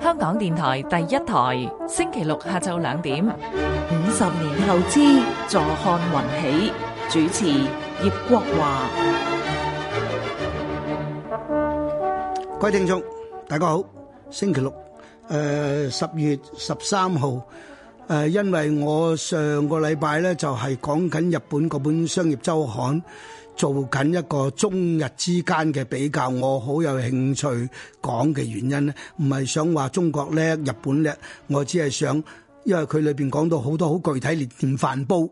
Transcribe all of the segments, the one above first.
香港電台第一台，星期六下晝兩點。五十年後之，坐看雲起。主持葉國華。各位聽眾，大家好。星期六，誒，十月十三號，誒，因為我上個禮拜呢就係講緊日本嗰本《商業周刊》。做緊一個中日之間嘅比較，我好有興趣講嘅原因咧，唔係想話中國叻、日本叻，我只係想，因為佢裏邊講到好多好具體連電飯煲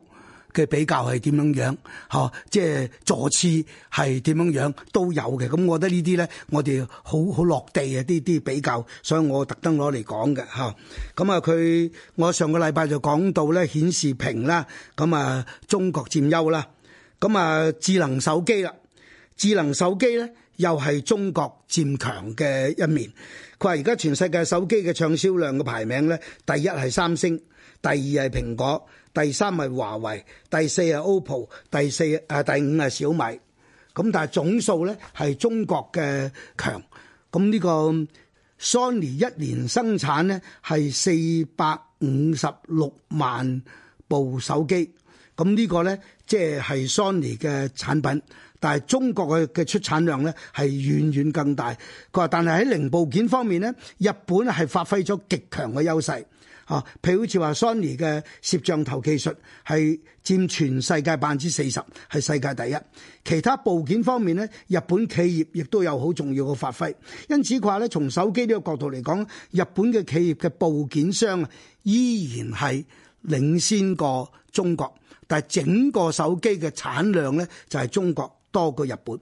嘅比較係點樣樣，嚇，即係坐次係點樣樣都有嘅。咁我覺得呢啲咧，我哋好好落地嘅呢啲比較，所以我特登攞嚟講嘅嚇。咁啊，佢我上個禮拜就講到咧顯示屏啦，咁啊中國佔優啦。咁啊，智能手機啦，智能手機咧，又係中國佔強嘅一面。佢話而家全世界手機嘅暢銷量嘅排名咧，第一係三星，第二係蘋果，第三係華為，第四係 OPPO，第四啊第五係小米。咁但係總數咧係中國嘅強。咁呢個 Sony 一年生產咧係四百五十六萬部手機。咁呢個咧？即係 Sony 嘅產品，但係中國嘅嘅出產量咧係遠遠更大。佢話，但係喺零部件方面咧，日本係發揮咗極強嘅優勢。嚇、啊，譬如好似話 Sony 嘅攝像頭技術係佔全世界百分之四十，係世界第一。其他部件方面咧，日本企業亦都有好重要嘅發揮。因此話咧，從手機呢個角度嚟講，日本嘅企業嘅部件商依然係。領先過中國，但係整個手機嘅產量咧就係中國多過日本。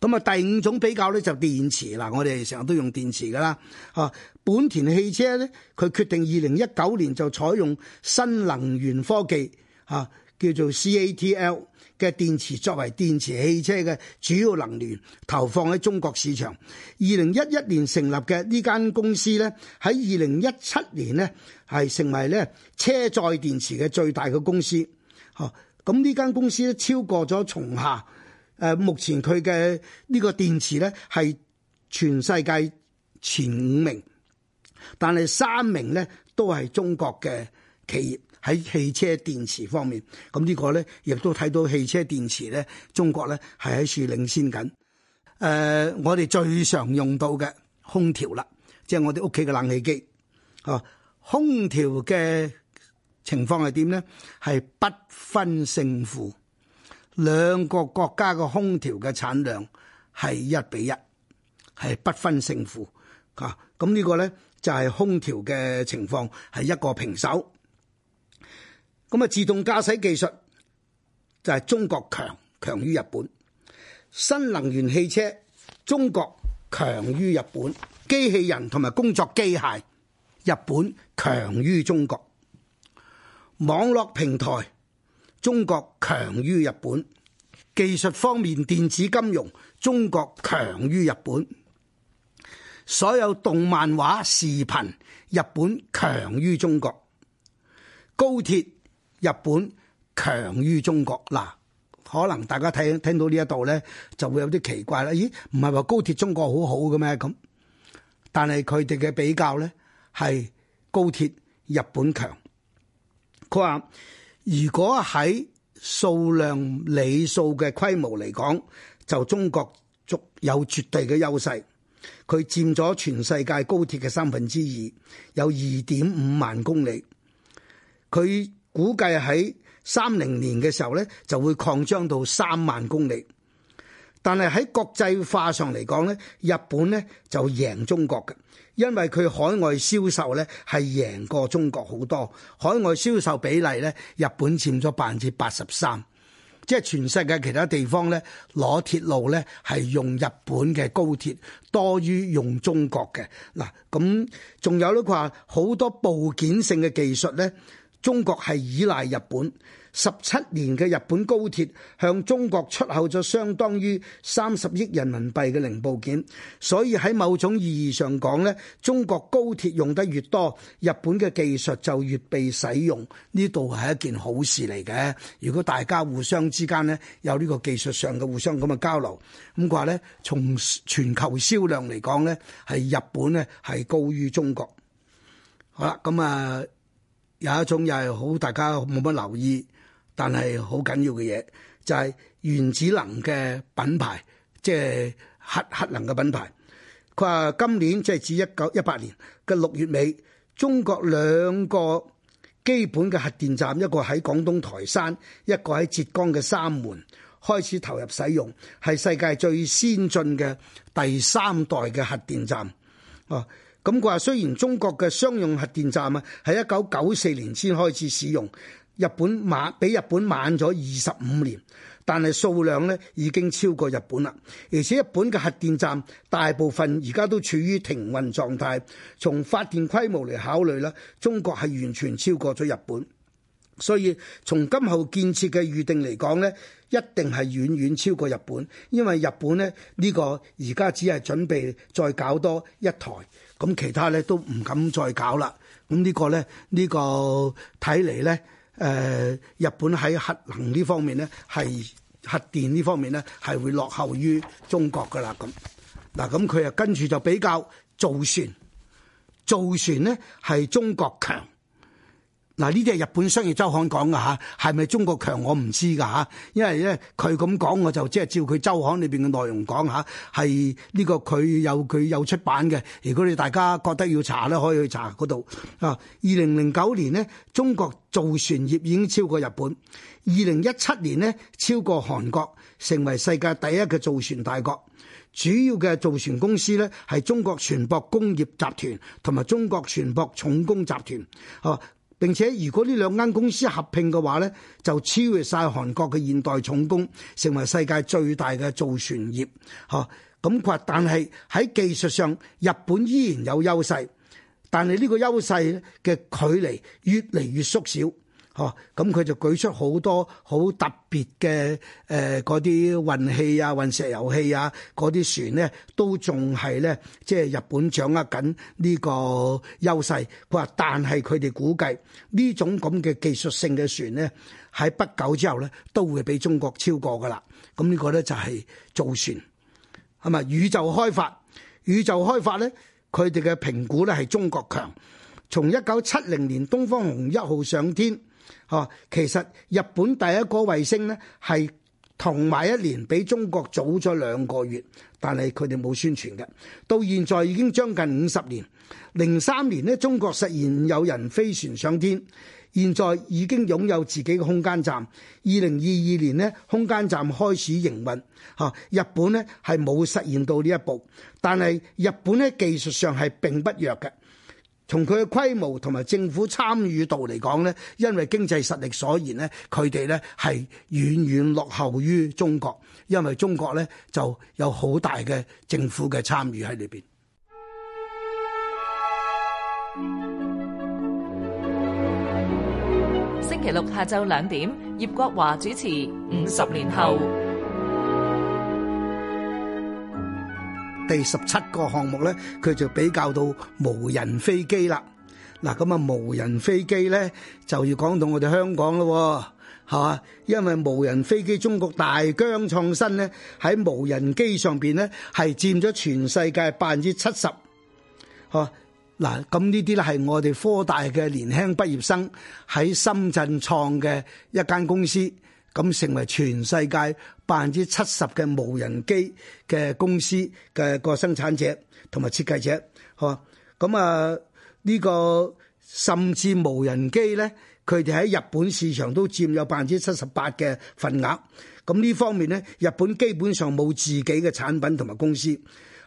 咁啊，第五種比較咧就電池啦，我哋成日都用電池噶啦。啊，本田汽車咧，佢決定二零一九年就採用新能源科技，啊，叫做 CATL。嘅電池作為電池汽車嘅主要能源，投放喺中國市場。二零一一年成立嘅呢間公司呢，喺二零一七年呢，係成為呢車載電池嘅最大嘅公司。哦，咁呢間公司咧超過咗松下。誒、呃，目前佢嘅呢個電池呢，係全世界前五名，但係三名呢，都係中國嘅企業。喺汽車電池方面，咁呢個咧亦都睇到汽車電池咧，中國咧係喺處領先緊。誒、呃，我哋最常用到嘅空調啦，即係我哋屋企嘅冷氣機。哦、啊，空調嘅情況係點咧？係不分勝負，兩個國家嘅空調嘅產量係一比一，係不分勝負。啊，咁呢個咧就係、是、空調嘅情況係一個平手。咁啊！自動駕駛技術就係中國強強於日本，新能源汽車中國強於日本，機器人同埋工作機械日本強於中國，網絡平台中國強於日本，技術方面電子金融中國強於日本，所有動漫畫視頻日本強於中國，高鐵，日本強於中國嗱，可能大家聽聽到呢一度咧，就會有啲奇怪啦。咦，唔係話高鐵中國好好嘅咩咁？但係佢哋嘅比較咧係高鐵日本強。佢話如果喺數量理數嘅規模嚟講，就中國足有絕對嘅優勢。佢佔咗全世界高鐵嘅三分之二，有二點五萬公里。佢估計喺三零年嘅時候呢，就會擴張到三萬公里。但係喺國際化上嚟講呢，日本呢就贏中國嘅，因為佢海外銷售呢係贏過中國好多。海外銷售比例呢，日本佔咗百分之八十三，即係全世界其他地方呢，攞鐵路呢係用日本嘅高鐵多於用中國嘅。嗱，咁仲有呢，佢話好多部件性嘅技術呢。中國係依賴日本十七年嘅日本高鐵向中國出口咗相當於三十億人民幣嘅零部件，所以喺某種意義上講呢，中國高鐵用得越多，日本嘅技術就越被使用。呢度係一件好事嚟嘅。如果大家互相之間呢，有呢個技術上嘅互相咁嘅交流，咁話呢，從全球銷量嚟講呢，係日本呢係高於中國。好啦，咁啊。有一種又係好大家冇乜留意，但係好緊要嘅嘢，就係原子能嘅品牌，即係核核能嘅品牌。佢話今年即係指一九一八年嘅六月尾，中國兩個基本嘅核電站，一個喺廣東台山，一個喺浙江嘅三門，開始投入使用，係世界最先進嘅第三代嘅核電站。哦。咁佢話雖然中國嘅商用核電站啊，喺一九九四年先開始使用，日本晚比日本晚咗二十五年，但係數量咧，已經超過日本啦。而且日本嘅核電站大部分而家都處於停運狀態，從發電規模嚟考慮啦，中國係完全超過咗日本。所以從今後建設嘅預定嚟講咧，一定係遠遠超過日本。因為日本咧呢、呢個而家只係準備再搞多一台。咁其他咧都唔敢再搞啦。咁呢個咧，呢個睇嚟咧，誒，日本喺核能呢方面咧，係核電呢方面咧，係會落後於中國噶啦。咁嗱，咁佢啊跟住就比較造船，造船咧係中國強。嗱，呢啲係日本商業周刊講嘅嚇，係咪中國強我唔知㗎嚇，因為咧佢咁講我就即係照佢周刊裏邊嘅內容講嚇，係呢個佢有佢有出版嘅，如果你大家覺得要查咧，可以去查嗰度啊。二零零九年呢，中國造船業已經超過日本；二零一七年呢，超過韓國，成為世界第一嘅造船大國。主要嘅造船公司呢，係中國船舶工業集團同埋中國船舶重工集團，哦。並且，如果呢兩間公司合併嘅話，呢就超越晒韓國嘅現代重工，成為世界最大嘅造船業。嚇，咁但係喺技術上，日本依然有優勢，但係呢個優勢嘅距離越嚟越縮小。哦，咁佢就舉出好多好特別嘅誒，嗰、呃、啲運氣啊、運石油氣啊，嗰啲船呢都仲係呢，即、就、係、是、日本掌握緊呢個優勢。佢話，但係佢哋估計呢種咁嘅技術性嘅船呢，喺不久之後呢都會俾中國超過噶啦。咁呢個呢就係、是、造船，係咪？宇宙開發，宇宙開發呢，佢哋嘅評估呢係中國強。從一九七零年東方紅一號上天。哦，其實日本第一個衛星呢，係同埋一年比中國早咗兩個月，但係佢哋冇宣傳嘅。到現在已經將近五十年，零三年呢中國實現有人飛船上天，現在已經擁有自己嘅空間站。二零二二年呢，空間站開始營運。吓，日本呢係冇實現到呢一步，但係日本呢技術上係並不弱嘅。從佢嘅規模同埋政府參與度嚟講呢，因為經濟實力所言呢，佢哋呢係遠遠落後於中國，因為中國呢就有好大嘅政府嘅參與喺裏邊。星期六下晝兩點，葉國華主持《五十年後》。第十七個項目呢，佢就比較到無人飛機啦。嗱，咁啊，無人飛機呢，就要講到我哋香港咯，吓，因為無人飛機中國大疆創新呢，喺無人機上邊呢，係佔咗全世界百分之七十。吓，嗱，咁呢啲呢，係我哋科大嘅年輕畢業生喺深圳創嘅一間公司。咁成為全世界百分之七十嘅無人機嘅公司嘅個生產者同埋設計者，嚇，咁啊，呢個甚至無人機呢，佢哋喺日本市場都佔有百分之七十八嘅份額。咁、啊、呢方面呢，日本基本上冇自己嘅產品同埋公司，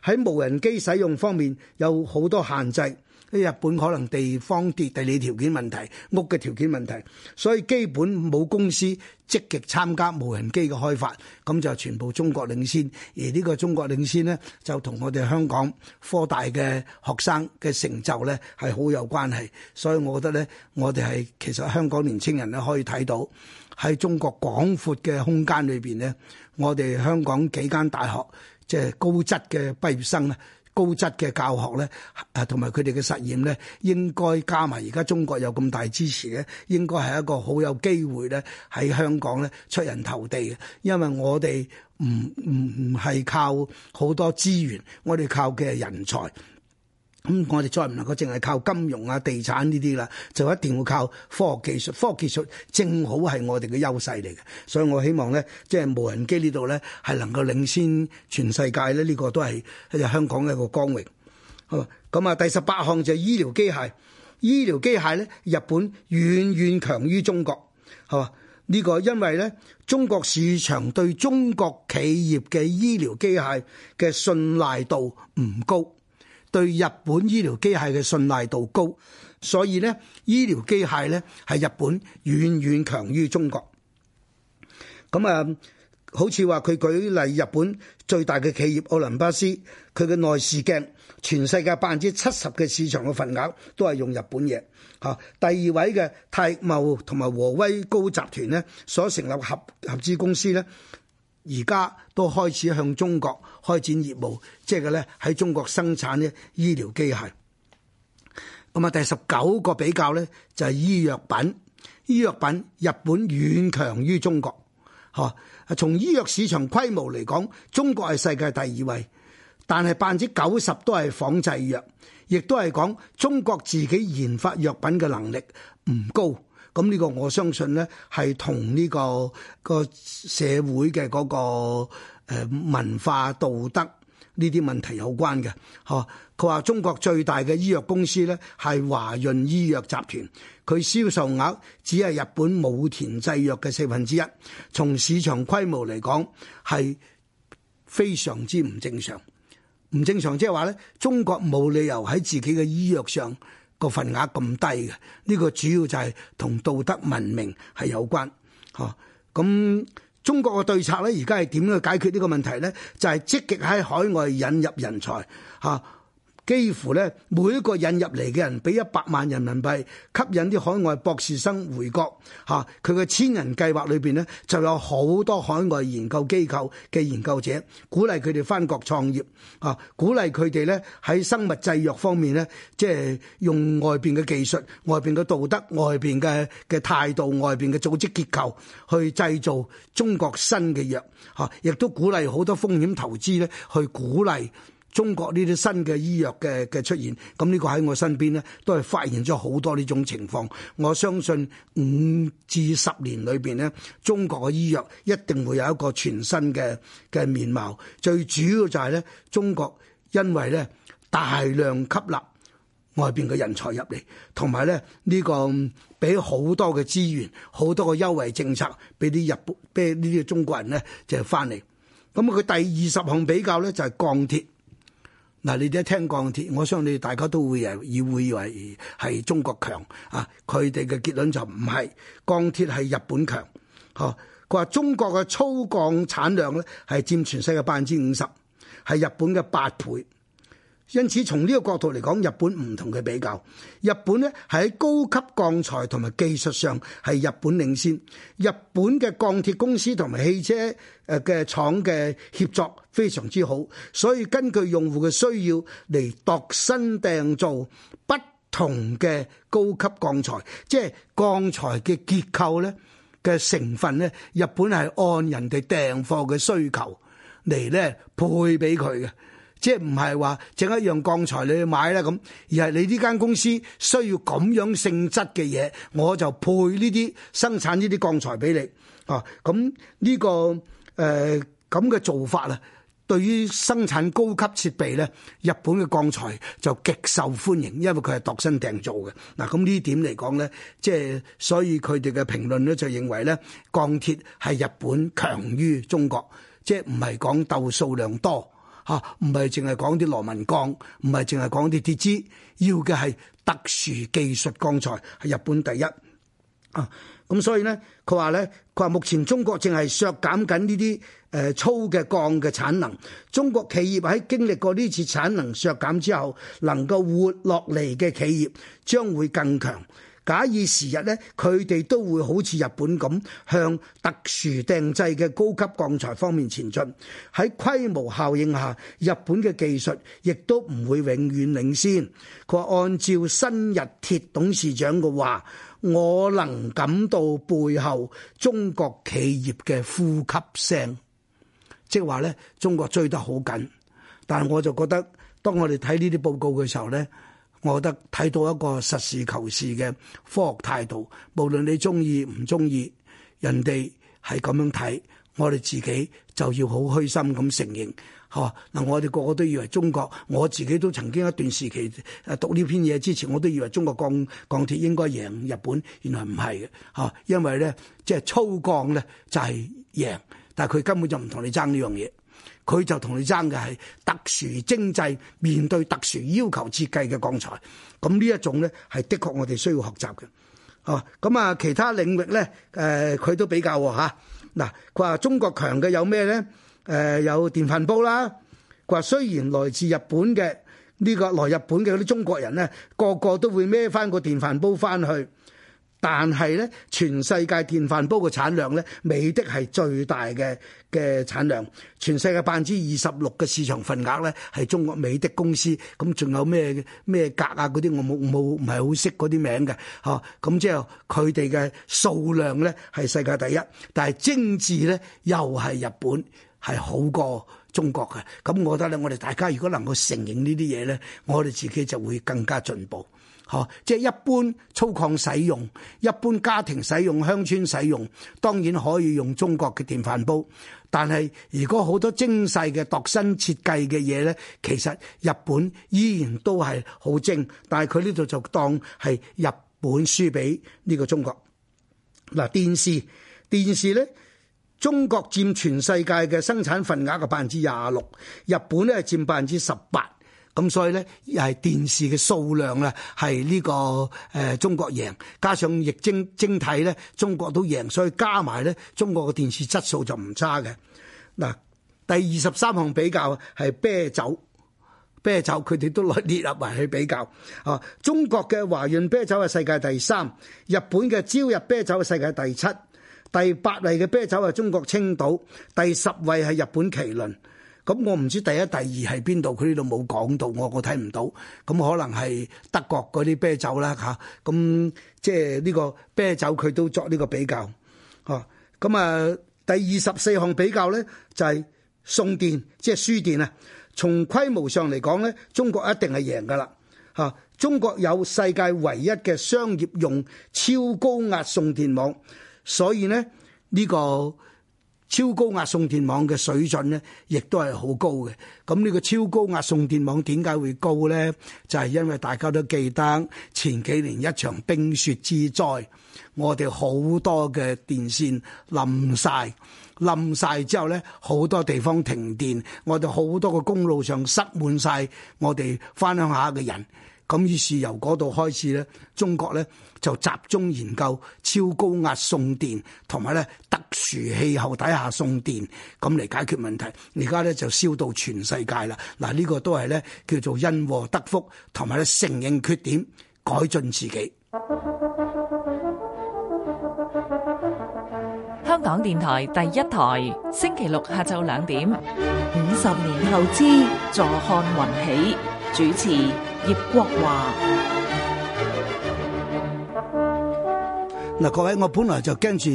喺無人機使用方面有好多限制。日本可能地方啲地理條件問題，屋嘅條件問題，所以基本冇公司積極參加無人機嘅開發，咁就全部中國領先。而呢個中國領先咧，就同我哋香港科大嘅學生嘅成就咧，係好有關係，所以我覺得咧，我哋係其實香港年青人咧可以睇到喺中國廣闊嘅空間裏邊咧，我哋香港幾間大學即係、就是、高質嘅畢業生咧。高質嘅教學咧，誒同埋佢哋嘅實驗咧，應該加埋而家中國有咁大支持嘅，應該係一個好有機會咧，喺香港咧出人頭地嘅。因為我哋唔唔唔係靠好多資源，我哋靠嘅係人才。咁我哋再唔能夠淨係靠金融啊、地產呢啲啦，就一定要靠科學技術。科學技術正好係我哋嘅優勢嚟嘅，所以我希望咧，即係無人機呢度咧，係能夠領先全世界咧。呢、呢個都係就香港嘅一個光榮。好，咁、嗯、啊，第十八項就係醫療機械。醫療機械咧，日本遠遠強於中國，係嘛？呢、呢個因為咧，中國市場對中國企業嘅醫療機械嘅信賴度唔高。對日本醫療機械嘅信賴度高，所以呢，醫療機械呢係日本遠遠強於中國。咁啊、嗯，好似話佢舉例，日本最大嘅企業奧林巴斯，佢嘅內視鏡全世界百分之七十嘅市場嘅份額都係用日本嘢。嚇、啊，第二位嘅泰茂同埋和威高集團呢所成立合合資公司呢，而家都開始向中國，開展業務，即係咧喺中國生產啲醫療機械。咁啊，第十九個比較咧就係、是、醫藥品，醫藥品日本遠強於中國。嚇、啊，從醫藥市場規模嚟講，中國係世界第二位，但係百分之九十都係仿製藥，亦都係講中國自己研發藥品嘅能力唔高。咁呢個我相信咧係同呢、這個個社會嘅嗰、那個。誒文化道德呢啲問題有關嘅，嗬佢話中國最大嘅醫藥公司呢，係華潤醫藥集團，佢銷售額只係日本武田製藥嘅四分之一，從市場規模嚟講，係非常之唔正常，唔正常即係話，呢中國冇理由喺自己嘅醫藥上個份額咁低嘅，呢個主要就係同道德文明係有關。嗬咁。中國嘅對策咧，而家係點樣去解決呢個問題咧？就係積極喺海外引入人才，吓。幾乎咧，每一個引入嚟嘅人，俾一百萬人民幣，吸引啲海外博士生回國。嚇、啊，佢嘅千人計劃裏邊呢，就有好多海外研究機構嘅研究者，鼓勵佢哋返國創業。嚇、啊，鼓勵佢哋呢喺生物製藥方面呢，即係用外邊嘅技術、外邊嘅道德、外邊嘅嘅態度、外邊嘅組織結構去製造中國新嘅藥。嚇、啊，亦都鼓勵好多風險投資咧去鼓勵。中國呢啲新嘅醫藥嘅嘅出現，咁呢個喺我身邊咧，都係發現咗好多呢種情況。我相信五至十年裏邊咧，中國嘅醫藥一定會有一個全新嘅嘅面貌。最主要就係咧，中國因為咧大量吸納外邊嘅人才入嚟，同埋咧呢個俾好多嘅資源、好多嘅優惠政策俾啲日本、俾呢啲中國人咧就翻嚟。咁佢第二十項比較咧就係鋼鐵。嗱，你哋一聽鋼鐵，我相信你大家都會誒，要會以為係中國強啊！佢哋嘅結論就唔係鋼鐵係日本強，呵？佢話中國嘅粗鋼產量咧係佔全世界百分之五十，係日本嘅八倍。因此，從呢個角度嚟講，日本唔同嘅比較。日本咧喺高級鋼材同埋技術上係日本領先。日本嘅鋼鐵公司同埋汽車誒嘅廠嘅協作非常之好，所以根據用戶嘅需要嚟度身訂造不同嘅高級鋼材，即係鋼材嘅結構咧嘅成分咧，日本係按人哋訂貨嘅需求嚟咧配俾佢嘅。即係唔係話整一樣鋼材你去買啦。咁，而係你呢間公司需要咁樣性質嘅嘢，我就配呢啲生產呢啲鋼材俾你。哦、啊，咁呢、呢個誒咁嘅做法啊，對於生產高級設備咧，日本嘅鋼材就極受歡迎，因為佢係度身訂造嘅。嗱、啊，咁呢點嚟講咧，即係所以佢哋嘅評論咧就認為咧，鋼鐵係日本強於中國，即係唔係講鬥數量多。嚇，唔係淨係講啲螺紋鋼，唔係淨係講啲鐵枝，要嘅係特殊技術鋼材，係日本第一啊！咁所以呢，佢話呢，佢話目前中國正係削減緊呢啲誒粗嘅鋼嘅產能。中國企業喺經歷過呢次產能削減之後，能夠活落嚟嘅企業將會更強。假以時日咧，佢哋都會好似日本咁向特殊定制嘅高級鋼材方面前進。喺規模效應下，日本嘅技術亦都唔會永遠領先。佢話：按照新日鐵董事長嘅話，我能感到背後中國企業嘅呼吸聲，即係話咧，中國追得好緊。但係我就覺得，當我哋睇呢啲報告嘅時候咧。我覺得睇到一個實事求是嘅科學態度，無論你中意唔中意，人哋係咁樣睇，我哋自己就要好虛心咁承認。嚇，嗱，我哋個個都以為中國，我自己都曾經一段時期誒讀呢篇嘢之前，我都以為中國鋼鋼鐵應該贏日本，原來唔係嘅。嚇，因為咧，即係粗鋼咧就係、是就是、贏，但係佢根本就唔同你爭呢樣嘢。佢就同你爭嘅係特殊精製，面對特殊要求設計嘅鋼材。咁呢一種咧，係的確我哋需要學習嘅。哦，咁啊，其他領域咧，誒、呃、佢都比較喎、啊、嗱，佢、啊、話中國強嘅有咩咧？誒、呃、有電飯煲啦。佢話雖然來自日本嘅呢、呢個來日本嘅嗰啲中國人咧，個個都會孭翻個電飯煲翻去。但係咧，全世界電飯煲嘅產量咧，美的係最大嘅嘅產量。全世界百分之二十六嘅市場份額咧，係中國美的公司。咁、嗯、仲有咩咩格啊嗰啲，我冇冇唔係好識嗰啲名嘅，嚇、哦。咁、嗯嗯、即係佢哋嘅數量咧係世界第一，但係精緻咧又係日本係好過中國嘅。咁、嗯、我覺得咧，我哋大家如果能夠承認呢啲嘢咧，我哋自己就會更加進步。即係一般粗獷使用、一般家庭使用、鄉村使用，當然可以用中國嘅電飯煲。但係如果好多精細嘅度身設計嘅嘢呢，其實日本依然都係好精。但係佢呢度就當係日本輸俾呢個中國。嗱，電視電視咧，中國佔全世界嘅生產份額嘅百分之廿六，日本呢係佔百分之十八。咁所以咧，係電視嘅數量咧，係呢、這個誒、呃、中國贏，加上液晶晶體咧，中國都贏，所以加埋咧，中國嘅電視質素就唔差嘅。嗱，第二十三項比較係啤酒，啤酒佢哋都攞列入埋去比較啊。中國嘅華潤啤酒係世界第三，日本嘅朝日啤酒係世界第七、第八例嘅啤酒係中國青島，第十位係日本麒麟。咁、嗯、我唔知第一第二係邊度，佢呢度冇講到，我我睇唔到。咁可能係德國嗰啲啤酒啦吓，咁、啊嗯、即係呢個啤酒佢都作呢個比較。嚇、啊，咁、嗯、啊第二十四項比較咧就係、是、送電，即係輸電啊。從規模上嚟講咧，中國一定係贏噶啦嚇。中國有世界唯一嘅商業用超高壓送電網，所以呢，呢、呢個。超高壓送電網嘅水準呢，亦都係好高嘅。咁呢個超高壓送電網點解會高呢？就係因為大家都記得前幾年一場冰雪之災，我哋好多嘅電線冧晒，冧晒之後呢，好多地方停電，我哋好多個公路上塞滿晒，我哋返鄉下嘅人。咁於是由嗰度開始咧，中國咧就集中研究超高壓送電，同埋咧特殊氣候底下送電，咁嚟解決問題。而家咧就燒到全世界啦！嗱，呢個都係咧叫做因禍得福，同埋咧承認缺點，改進自己。香港電台第一台，星期六下晝兩點，五十年後之坐看雲起。主持葉國華。嗱，各位，我本來就跟住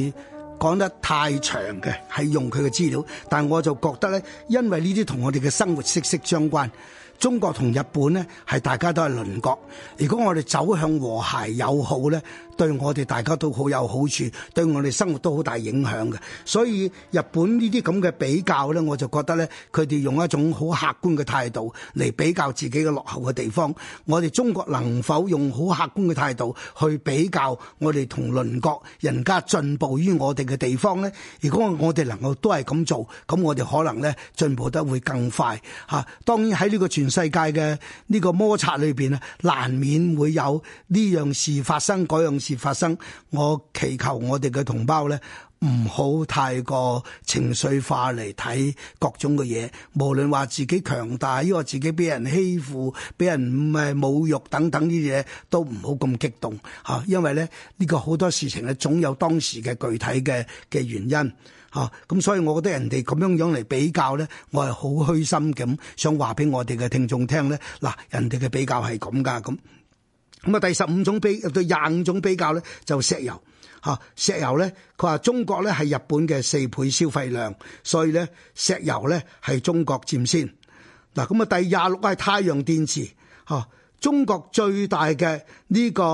講得太長嘅，係用佢嘅資料，但我就覺得咧，因為呢啲同我哋嘅生活息息相關，中國同日本呢係大家都係鄰國，如果我哋走向和諧友好呢。對我哋大家都好有好處，對我哋生活都好大影響嘅。所以日本呢啲咁嘅比較咧，我就覺得咧，佢哋用一種好客觀嘅態度嚟比較自己嘅落後嘅地方。我哋中國能否用好客觀嘅態度去比較我哋同鄰國人家進步於我哋嘅地方咧？如果我哋能夠都係咁做，咁我哋可能咧進步得會更快吓。啊，當然喺呢個全世界嘅呢個摩擦裏邊啊，難免會有呢樣事發生樣。事發生，我祈求我哋嘅同胞咧，唔好太過情緒化嚟睇各種嘅嘢。無論話自己強大，抑或自己俾人欺負，俾人誒侮辱等等啲嘢，都唔好咁激動吓。因為咧，呢個好多事情咧，總有當時嘅具體嘅嘅原因吓。咁所以，我覺得人哋咁樣樣嚟比較咧，我係好虛心咁想話俾我哋嘅聽眾聽咧。嗱，人哋嘅比較係咁噶咁。咁啊，第十五種比對廿五種比較咧，就石油嚇。石油咧，佢話中國咧係日本嘅四倍消費量，所以咧，石油咧係中國佔先。嗱，咁啊，第廿六係太陽電池嚇。中國最大嘅呢、這個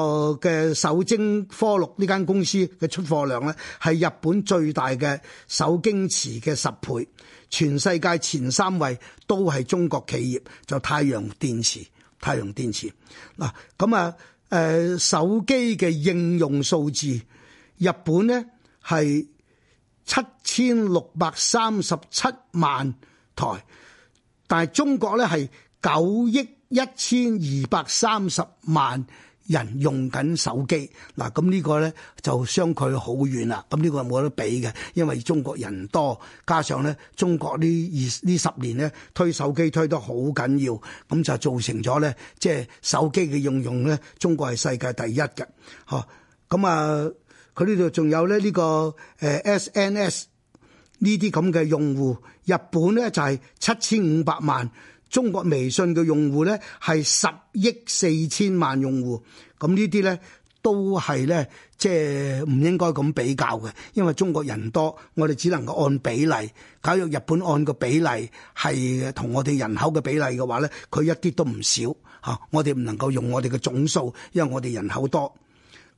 嘅首晶科六呢間公司嘅出貨量咧，係日本最大嘅首晶池嘅十倍。全世界前三位都係中國企業，就是、太陽電池。太陽電池嗱，咁啊，誒、啊、手機嘅應用數字，日本咧係七千六百三十七萬台，但係中國咧係九億一千二百三十萬。人用緊手機，嗱咁呢個咧就相距好遠啦。咁呢個係冇得比嘅，因為中國人多，加上咧中國呢二呢十年咧推手機推得好緊要，咁就造成咗咧即係手機嘅應用咧，中國係世界第一嘅。嚇，咁啊佢呢度仲有咧呢個誒 SNS 呢啲咁嘅用戶，日本咧就係七千五百萬。中國微信嘅用戶咧係十億四千萬用戶，咁呢啲咧都係咧，即係唔應該咁比較嘅，因為中國人多，我哋只能夠按比例。假如日本按個比例係同我哋人口嘅比例嘅話咧，佢一啲都唔少嚇。我哋唔能夠用我哋嘅總數，因為我哋人口多。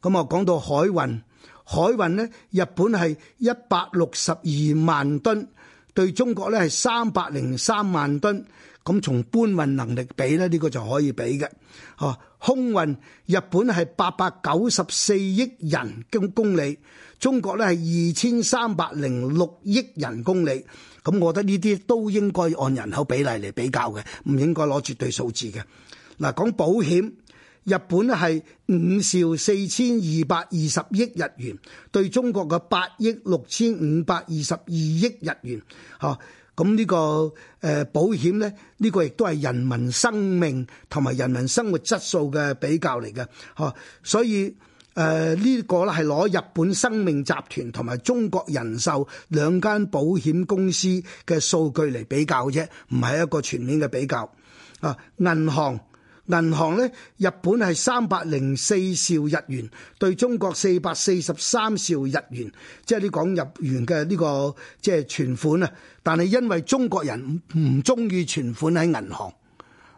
咁啊，講到海運，海運咧，日本係一百六十二萬噸，對中國咧係三百零三萬噸。咁從搬運能力比咧，呢、呢個就可以比嘅。哦，空運日本係八百九十四億人公公里，中國咧係二千三百零六億人公里。咁我覺得呢啲都應該按人口比例嚟比較嘅，唔應該攞絕對數字嘅。嗱，講保險，日本係五兆四千二百二十億日元，對中國嘅八億六千五百二十二億日元。哦。咁、這個呃、呢、這個誒保險咧，呢個亦都係人民生命同埋人民生活質素嘅比較嚟嘅，呵、啊。所以誒呢、呃這個咧係攞日本生命集團同埋中國人壽兩間保險公司嘅數據嚟比較啫，唔係一個全面嘅比較。啊，銀行。銀行咧，日本係三百零四兆日元對中國四百四十三兆日元，即係你講入元嘅呢個即係存款啊。但係因為中國人唔中意存款喺銀行，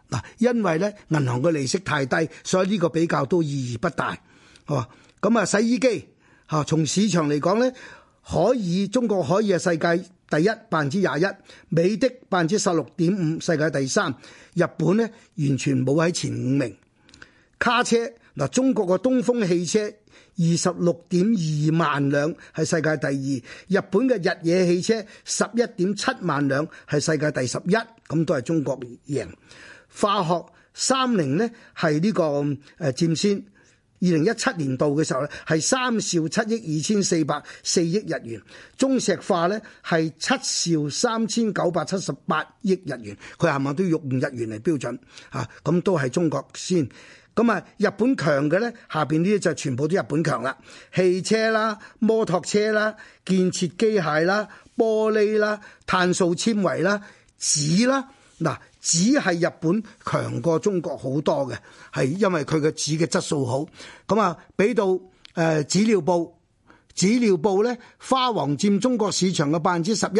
嗱，因為咧銀行嘅利息太低，所以呢個比較都意義不大。哦，咁啊，洗衣機吓，從市場嚟講咧。可以，中國可以係世界第一，百分之廿一；美的百分之十六點五，世界第三；日本呢，完全冇喺前五名。卡車嗱，中國嘅東風汽車二十六點二萬輛係世界第二，日本嘅日野汽車十一點七萬輛係世界第十一，咁都係中國贏。化學三菱呢，係呢、呢個誒、呃、佔先。二零一七年度嘅時候咧，係三兆七億二千四百四億日元，中石化咧係七兆三千九百七十八億日元，佢係咪都用日元嚟標準，嚇、啊、咁都係中國先。咁啊，日本強嘅咧，下邊呢啲就全部都日本強啦，汽車啦、摩托車啦、建設機械啦、玻璃啦、碳素纖維啦、紙啦，嗱。只係日本強過中國好多嘅，係因為佢嘅紙嘅質素好。咁啊，俾到誒紙尿布，紙尿布咧花王佔中國市場嘅百分之十一，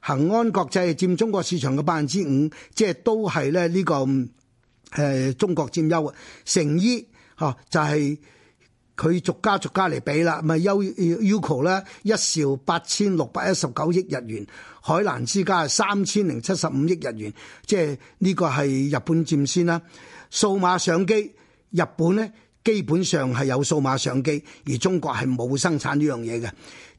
恒安國際佔中國市場嘅百分之五，即係都係咧呢個誒、呃、中國佔優啊。成衣嚇、啊、就係、是。佢逐家逐家嚟比啦，咪優衣庫咧一兆八千六百一十九億日元，海瀾之家係三千零七十五億日元，即係呢個係日本佔先啦。數碼相機日本咧基本上係有數碼相機，而中國係冇生產呢樣嘢嘅。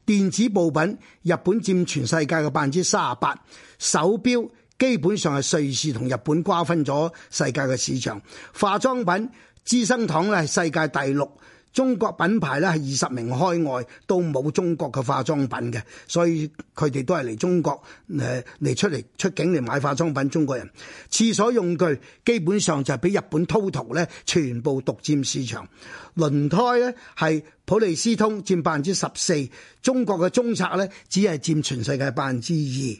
電子部品日本佔全世界嘅百分之三十八，手錶基本上係瑞士同日本瓜分咗世界嘅市場。化妝品資生堂咧係世界第六。中國品牌咧係二十名開外都冇中國嘅化妝品嘅，所以佢哋都係嚟中國誒嚟、呃、出嚟出境嚟買化妝品。中國人廁所用具基本上就係俾日本 TOTO 咧，全部獨佔市場。輪胎咧係普利斯通佔百分之十四，中國嘅中策咧只係佔全世界百分之二。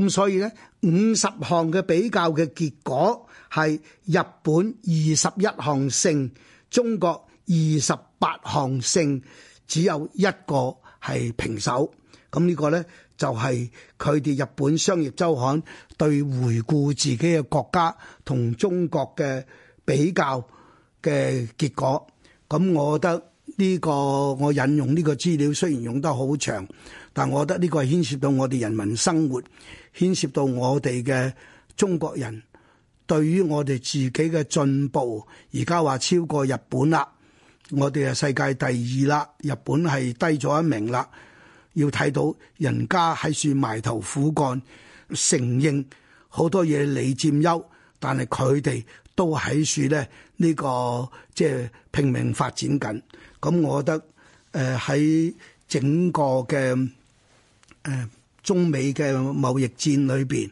咁所以咧五十項嘅比較嘅結果係日本二十一項勝中國。二十八項勝，只有一個係平手。咁呢個呢，就係佢哋日本商業周刊對回顧自己嘅國家同中國嘅比較嘅結果。咁我覺得呢個我引用呢個資料雖然用得好長，但我覺得呢個係牽涉到我哋人民生活，牽涉到我哋嘅中國人對於我哋自己嘅進步，而家話超過日本啦。我哋係世界第二啦，日本係低咗一名啦。要睇到人家喺處埋頭苦幹，承認好多嘢你佔優，但係佢哋都喺處咧呢、這個即係拼命發展緊。咁、嗯、我覺得誒喺、呃、整個嘅誒、呃、中美嘅貿易戰裏邊，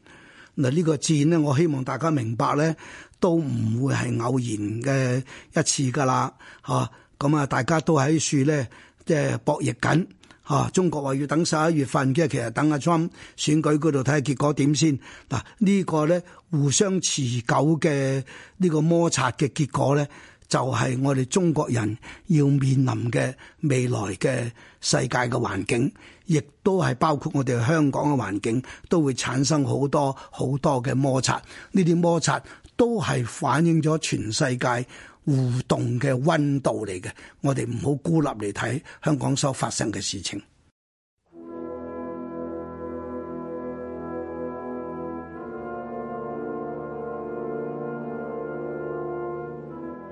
嗱、呃、呢、這個戰咧，我希望大家明白咧，都唔會係偶然嘅一次噶啦，吓、啊。咁啊，大家都喺樹咧，即係博弈緊嚇、啊。中國話要等十一月份，即其實等阿 Trump 選舉嗰度睇下結果點先。嗱、啊，呢個、呢個咧互相持久嘅呢、呢個摩擦嘅結果咧，就係、係、我哋中國人要面臨嘅未來嘅世界嘅環境，亦都係包括我哋香港嘅環境，都會產生好多好多嘅摩擦。呢啲摩擦都係反映咗全世界。互動嘅溫度嚟嘅，我哋唔好孤立嚟睇香港所發生嘅事情。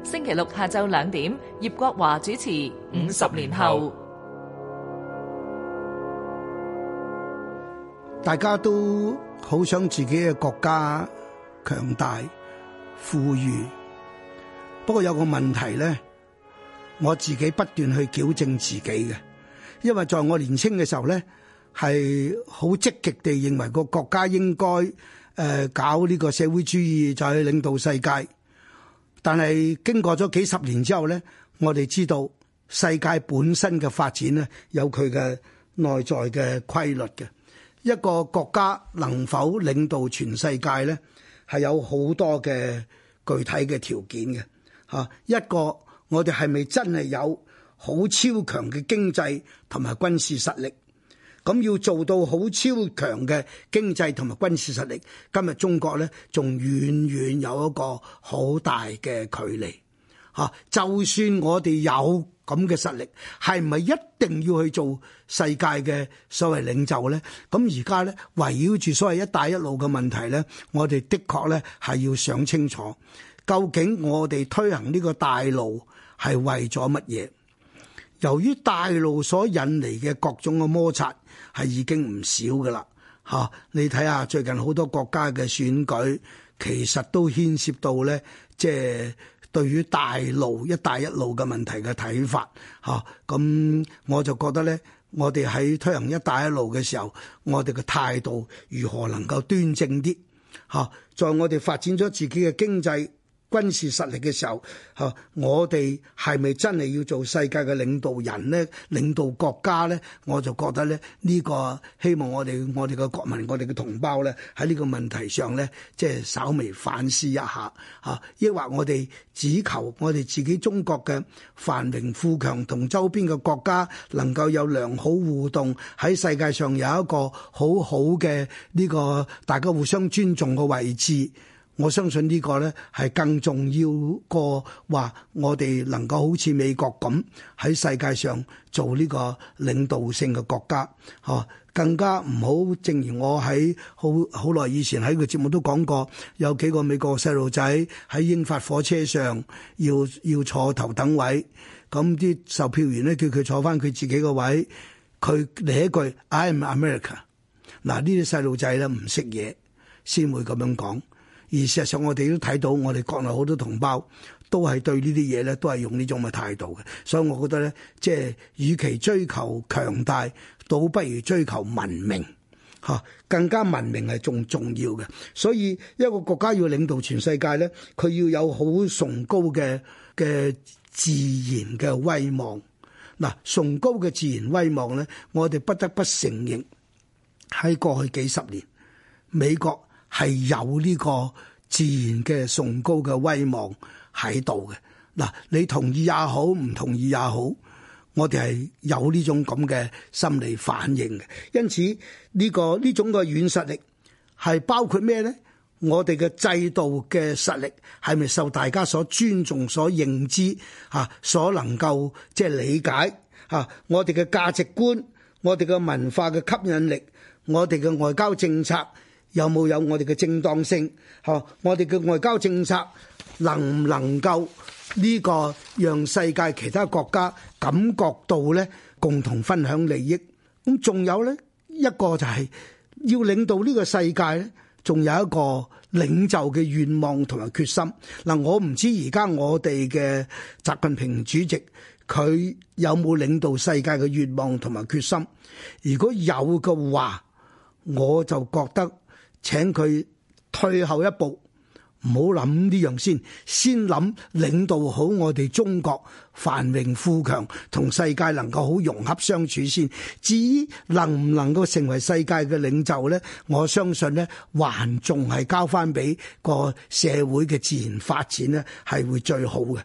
星期六下晝兩點，葉國華主持《五十年後》年後。大家都好想自己嘅國家強大富裕。不過有個問題呢，我自己不斷去矯正自己嘅，因為在我年青嘅時候呢，係好積極地認為個國家應該誒、呃、搞呢個社會主義就去領導世界。但係經過咗幾十年之後呢，我哋知道世界本身嘅發展呢，有佢嘅內在嘅規律嘅。一個國家能否領導全世界呢？係有好多嘅具體嘅條件嘅。啊！一個我哋係咪真係有好超強嘅經濟同埋軍事實力？咁要做到好超強嘅經濟同埋軍事實力，今日中國呢仲遠遠有一個好大嘅距離。嚇！就算我哋有咁嘅實力，係唔係一定要去做世界嘅所謂領袖呢？咁而家呢，圍繞住所謂「一帶一路」嘅問題呢，我哋的確呢係要想清楚。究竟我哋推行呢個大路係為咗乜嘢？由於大路所引嚟嘅各種嘅摩擦係已經唔少噶啦，吓，你睇下最近好多國家嘅選舉，其實都牽涉到咧，即係對於大路一帶一路嘅問題嘅睇法，吓，咁我就覺得咧，我哋喺推行一帶一路嘅時候，我哋嘅態度如何能夠端正啲？吓，在我哋發展咗自己嘅經濟。軍事實力嘅時候，嚇、啊、我哋係咪真係要做世界嘅領導人呢？領導國家呢？我就覺得咧，呢、呢個希望我哋我哋嘅國民、我哋嘅同胞呢，喺呢個問題上呢，即係稍微反思一下，嚇、啊，抑或我哋只求我哋自己中國嘅繁榮富強，同周邊嘅國家能夠有良好互動，喺世界上有一個好好嘅呢個大家互相尊重嘅位置。我相信呢個咧係更重要過話，我哋能夠好似美國咁喺世界上做呢個領導性嘅國家，嚇，更加唔好。正如我喺好好耐以前喺個節目都講過，有幾個美國細路仔喺英法火車上要要坐頭等位，咁啲售票員咧叫佢坐翻佢自己個位，佢嚟一句 I am America。嗱，呢啲細路仔咧唔識嘢，先會咁樣講。而事實上，我哋都睇到，我哋國內好多同胞都係對呢啲嘢咧，都係用呢種嘅態度嘅。所以，我覺得咧，即係與其追求強大，倒不如追求文明，嚇更加文明係仲重要嘅。所以一個國家要領導全世界咧，佢要有好崇高嘅嘅自然嘅威望。嗱，崇高嘅自然威望咧，我哋不得不承認喺過去幾十年美國。係有呢個自然嘅崇高嘅威望喺度嘅，嗱，你同意也好，唔同意也好，我哋係有呢種咁嘅心理反應嘅。因此呢個呢種嘅軟實力係包括咩咧？我哋嘅制度嘅實力係咪受大家所尊重、所認知啊？所能夠即係理解啊？我哋嘅價值觀、我哋嘅文化嘅吸引力、我哋嘅外交政策。有冇有我哋嘅正當性？吓，我哋嘅外交政策能唔能夠呢個讓世界其他國家感覺到咧？共同分享利益。咁仲有咧，一個就係要領導呢個世界咧，仲有一個領袖嘅願望同埋決心。嗱，我唔知而家我哋嘅習近平主席佢有冇領導世界嘅願望同埋決心？如果有嘅話，我就覺得。請佢退後一步，唔好諗呢樣先，先諗領導好我哋中國繁榮富強，同世界能夠好融合相處先。至於能唔能夠成為世界嘅領袖呢？我相信呢，還仲係交翻俾個社會嘅自然發展，呢係會最好嘅。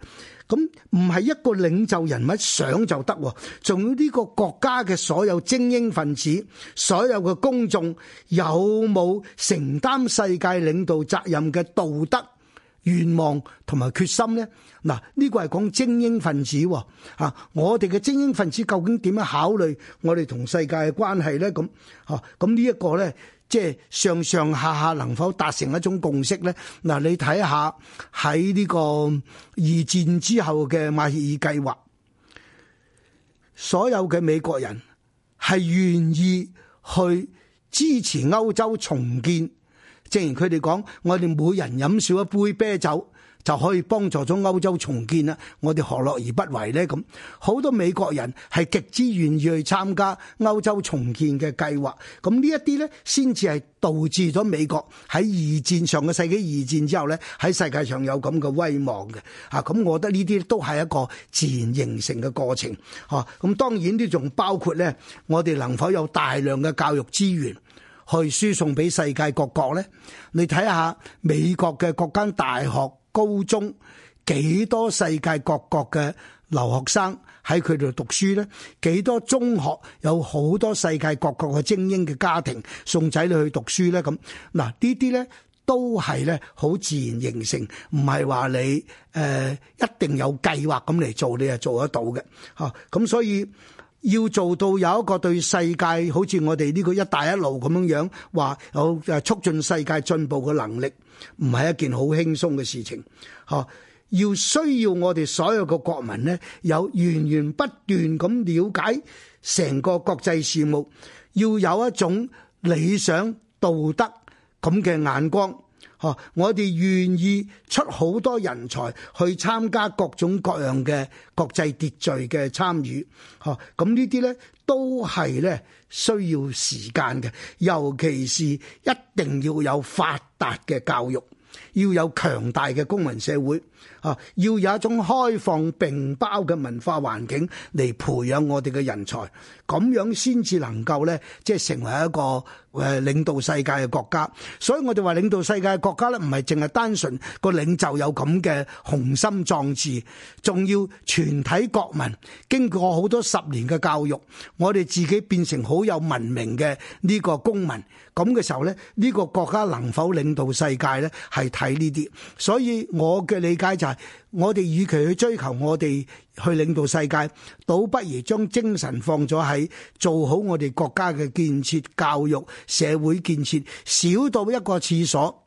咁唔係一個領袖人物想就得，仲要呢個國家嘅所有精英分子、所有嘅公眾有冇承擔世界領導責任嘅道德願望同埋決心咧？嗱，呢個係講精英分子吓，我哋嘅精英分子究竟點樣考慮我哋同世界嘅關係咧？咁吓，咁呢一個咧？即係上上下下能否達成一種共識咧？嗱，你睇下喺呢個二戰之後嘅馬歇爾計劃，所有嘅美國人係願意去支持歐洲重建。正如佢哋講，我哋每人飲少一杯啤酒。就可以幫助咗歐洲重建啦。我哋何樂而不為呢？咁好多美國人係極之願意去參加歐洲重建嘅計劃。咁呢一啲咧，先至係導致咗美國喺二戰上嘅世紀。二戰之後咧，喺世界上有咁嘅威望嘅。啊，咁我覺得呢啲都係一個自然形成嘅過程。嚇、啊，咁當然呢仲包括咧，我哋能否有大量嘅教育資源去輸送俾世界各國咧？你睇下美國嘅各間大學。高中幾多，多，多世界各國嘅留學生喺佢度讀書咧？幾多中學有好多世界各國嘅精英嘅家庭送仔女去讀書咧？咁嗱呢啲咧都係咧好自然形成，唔係話你誒、呃、一定有計劃咁嚟做，你係做得到嘅吓。咁、啊、所以。要做到有一個對世界，好似我哋這個一帶一路咁樣，話，有促進世界進步嘅能力，唔係一件好輕鬆嘅事情。嚇，要需要我哋所有嘅國民呢,有源源不斷咁了解成個國際事務，要有一種理想、道德咁嘅眼光，嗬，我哋願意出好多人才去參加各種各樣嘅國際秩序嘅參與，嗬，咁呢啲咧都係咧需要時間嘅，尤其是一定要有發達嘅教育。要有強大嘅公民社會啊，要有一種開放並包嘅文化環境嚟培養我哋嘅人才，咁樣先至能夠咧，即係成為一個誒、呃、領導世界嘅國家。所以我哋話領導世界嘅國家咧，唔係淨係單純個領袖有咁嘅雄心壯志，仲要全體國民經過好多十年嘅教育，我哋自己變成好有文明嘅呢個公民，咁嘅時候咧，呢、呢個國家能否領導世界咧，係睇。喺呢啲，所以我嘅理解就係，我哋與其去追求我哋去領導世界，倒不如將精神放咗喺做好我哋國家嘅建設、教育、社會建設，少到一個廁所，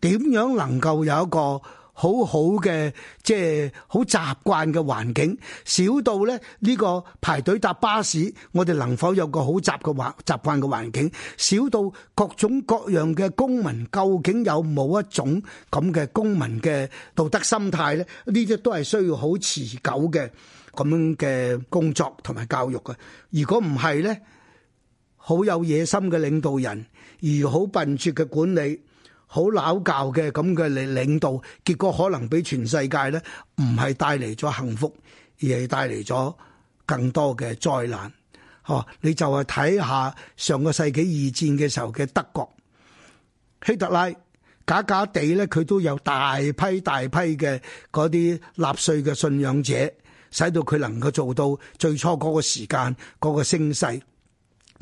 點樣能夠有一個？好好嘅，即係好習慣嘅環境，少到咧呢個排隊搭巴士，我哋能否有個好習嘅環習慣嘅環境？少到各種各樣嘅公民，究竟有冇一種咁嘅公民嘅道德心態咧？呢啲都係需要好持久嘅咁樣嘅工作同埋教育嘅。如果唔係咧，好有野心嘅領導人，而好笨拙嘅管理。好攪教嘅咁嘅領領導，結果可能俾全世界咧唔係帶嚟咗幸福，而係帶嚟咗更多嘅災難。哦，你就係睇下上個世紀二戰嘅時候嘅德國，希特拉假假地咧，佢都有大批大批嘅嗰啲納粹嘅信仰者，使到佢能夠做到最初嗰個時間嗰個聲勢。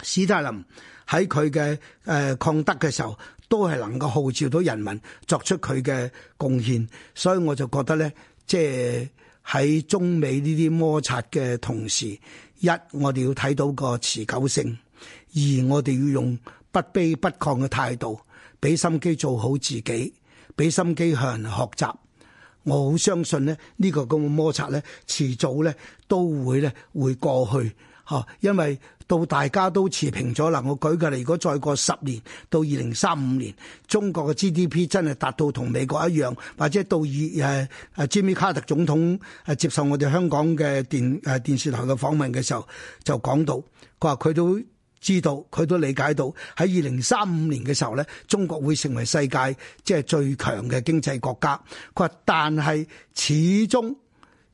史太林喺佢嘅誒抗德嘅時候。都係能夠號召到人民作出佢嘅貢獻，所以我就覺得咧，即係喺中美呢啲摩擦嘅同時，一，我哋要睇到個持久性，二，我哋要用不卑不亢嘅態度，俾心機做好自己，俾心機向人學習。我好相信咧，呢個咁嘅摩擦咧，遲早咧都會咧會過去。哦，因為到大家都持平咗啦，我舉嘅例，如果再過十年到二零三五年，中國嘅 GDP 真係達到同美國一樣，或者到二誒誒，Jimmy 卡特總統誒接受我哋香港嘅電誒電視台嘅訪問嘅時候，就講到佢話佢都知道，佢都理解到喺二零三五年嘅時候咧，中國會成為世界即係最強嘅經濟國家。佢話但係始終。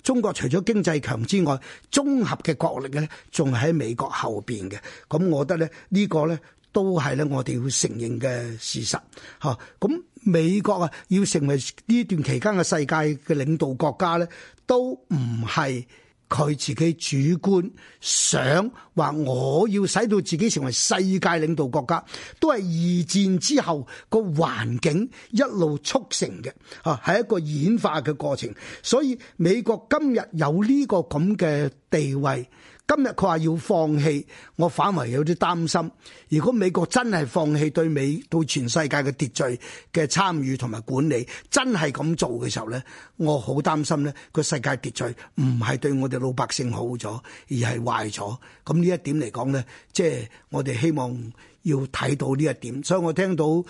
中國除咗經濟強之外，綜合嘅國力咧，仲喺美國後邊嘅。咁我覺得咧，這個、呢個咧都係咧，我哋要承認嘅事實。嚇，咁美國啊，要成為呢段期間嘅世界嘅領導國家咧，都唔係。佢自己主觀想話，我要使到自己成為世界領導國家，都係二戰之後個環境一路促成嘅，啊，係一個演化嘅過程。所以美國今日有呢個咁嘅地位。今日佢話要放棄，我反為有啲擔心。如果美國真係放棄對美、對全世界嘅秩序嘅參與同埋管理，真係咁做嘅時候咧，我好擔心咧個世界秩序唔係對我哋老百姓好咗，而係壞咗。咁呢一點嚟講咧，即係我哋希望要睇到呢一點。所以我聽到誒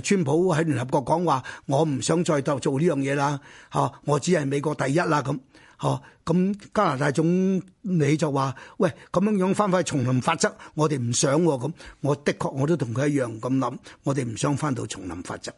川普喺聯合國講話，我唔想再做呢樣嘢啦，嚇！我只係美國第一啦咁。哦，咁加拿大總理就話，喂，咁樣樣翻返叢林法則，我哋唔想咁、哦、我的確我都同佢一樣咁諗，我哋唔想翻到叢林法則。